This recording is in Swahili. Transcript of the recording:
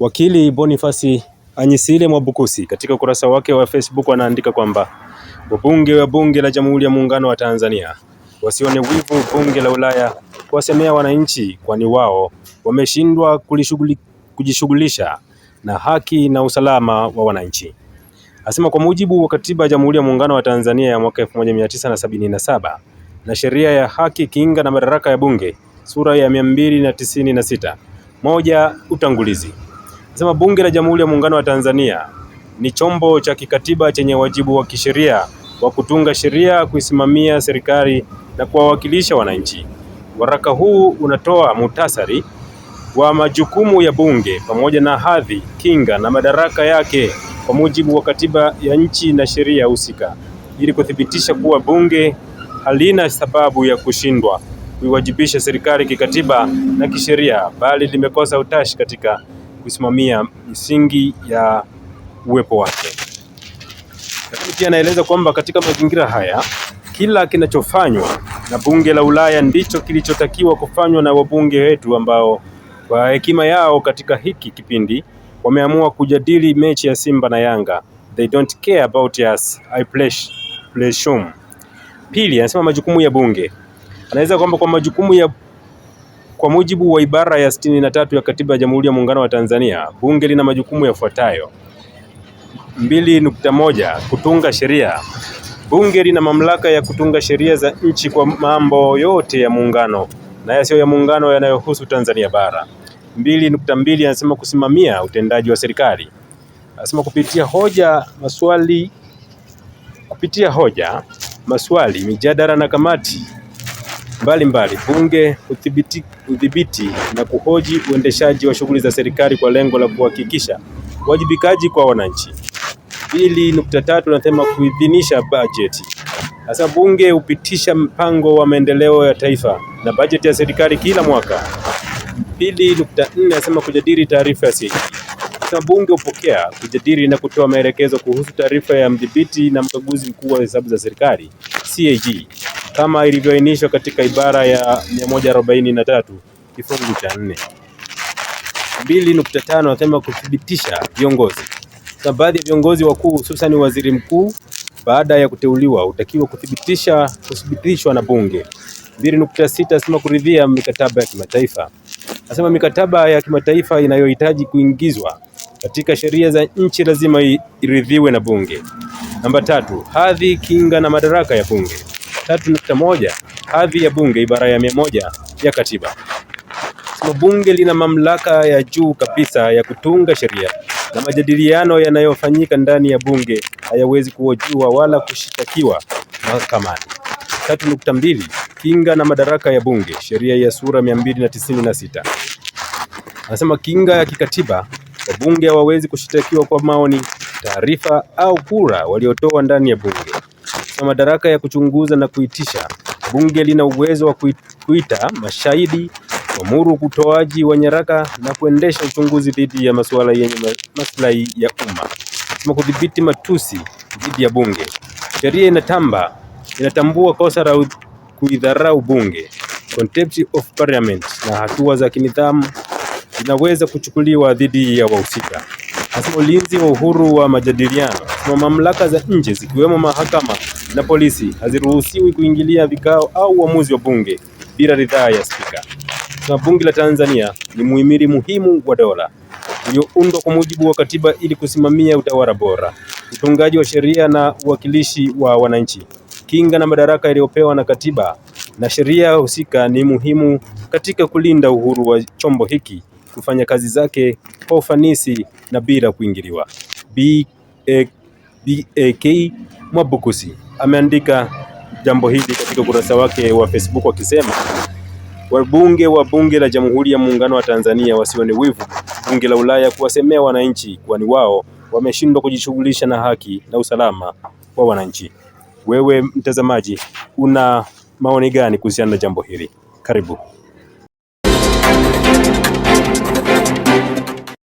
Wakili bonifasi Anyisile Mwabukusi katika ukurasa wake wa Facebook anaandika kwamba wabunge wa bunge la Jamhuri ya Muungano wa Tanzania wasione wivu bunge la Ulaya kuwasemea wananchi, kwani wao wameshindwa kujishughulisha na haki na usalama wa wananchi. Asema kwa mujibu wa katiba ya Jamhuri ya Muungano wa Tanzania ya mwaka 1977 na sheria ya haki, kinga na madaraka ya bunge sura ya 296 moja utangulizi Sema Bunge la Jamhuri ya Muungano wa Tanzania ni chombo cha kikatiba chenye wajibu wa kisheria wa kutunga sheria, kuisimamia serikali na kuwawakilisha wananchi. Waraka huu unatoa muhtasari wa majukumu ya bunge pamoja na hadhi, kinga na madaraka yake kwa mujibu wa katiba ya nchi na sheria husika, ili kuthibitisha kuwa bunge halina sababu ya kushindwa kuiwajibisha serikali kikatiba na kisheria, bali limekosa utashi katika kusimamia misingi ya uwepo wake. Lakini pia anaeleza kwamba katika mazingira haya kila kinachofanywa na bunge la Ulaya ndicho kilichotakiwa kufanywa na wabunge wetu ambao kwa hekima yao katika hiki kipindi wameamua kujadili mechi ya Simba na Yanga. They don't care about us. I pledge. Pili, anasema majukumu ya bunge, anaweza kwamba kwa majukumu ya kwa mujibu wa ibara ya sitini na tatu ya Katiba ya Jamhuri ya Muungano wa Tanzania, Bunge lina majukumu yafuatayo: mbili nukta moja kutunga sheria. Bunge lina mamlaka ya kutunga sheria za nchi kwa mambo yote ya muungano na yasiyo ya muungano yanayohusu Tanzania bara. mbili nukta mbili anasema kusimamia utendaji wa serikali, anasema kupitia hoja maswali, kupitia hoja maswali, mijadala na kamati mbalimbali Bunge udhibiti na kuhoji uendeshaji wa shughuli za serikali kwa lengo la kuhakikisha uwajibikaji kwa wananchi. Pili nukta tatu nasema kuidhinisha bajeti. Sasa bunge hupitisha mpango wa maendeleo ya taifa na bajeti ya serikali kila mwaka. Pili nukta nne nasema kujadili taarifa ya sasa bunge hupokea, kujadili na kutoa maelekezo kuhusu taarifa ya mdhibiti na mkaguzi mkuu wa hesabu za serikali CAG kama ilivyoainishwa katika ibara ya 143 kifungu cha 4. 2.5 nasema kuthibitisha viongozi. Na baadhi ya viongozi wakuu hususan waziri mkuu baada ya kuteuliwa hutakiwa kuthibitisha kuthibitishwa na bunge. 2.6 nasema kuridhia mikataba ya kimataifa. Nasema mikataba ya kimataifa inayohitaji kuingizwa katika sheria za nchi lazima iridhiwe na bunge. Namba tatu, hadhi, kinga na madaraka ya bunge tatu nukta moja hadhi ya bunge ibara ya mia moja ya katiba Bunge lina mamlaka ya juu kabisa ya kutunga sheria na majadiliano yanayofanyika ndani ya bunge hayawezi kuhojiwa wala kushitakiwa mahakamani. tatu nukta mbili kinga na madaraka ya bunge sheria ya sura mia mbili na tisini na sita anasema kinga ya kikatiba wabunge hawawezi kushitakiwa kwa maoni, taarifa au kura waliotoa ndani ya bunge na madaraka ya kuchunguza na kuitisha. Bunge lina uwezo wa kuita mashahidi, kuamuru utoaji wa nyaraka na kuendesha uchunguzi dhidi ya masuala yenye maslahi ya umma, kama kudhibiti matusi dhidi ya bunge. Sheria inatamba inatambua kosa la kuidharau bunge, contempt of parliament, na hatua za kinidhamu zinaweza kuchukuliwa dhidi ya wahusika. Hasa ulinzi wa uhuru wa majadiliano na mamlaka za nje zikiwemo mahakama na polisi haziruhusiwi kuingilia vikao au uamuzi wa bunge bila ridhaa ya spika. Na bunge la Tanzania ni muhimili muhimu wa dola ulioundwa kwa mujibu wa katiba ili kusimamia utawala bora, utungaji wa sheria na uwakilishi wa wananchi. Kinga na madaraka yaliyopewa na katiba na sheria husika ni muhimu katika kulinda uhuru wa chombo hiki kufanya kazi zake kwa ufanisi na bila kuingiliwa. BAK Mwabukusi ameandika jambo hili katika ukurasa wake wa Facebook akisema wabunge wa bunge la Jamhuri ya Muungano wa Tanzania wasione wivu bunge la Ulaya kuwasemea wananchi, kwani wao wameshindwa kujishughulisha na haki na usalama wa wananchi. Wewe mtazamaji, una maoni gani kuhusiana na jambo hili? Karibu.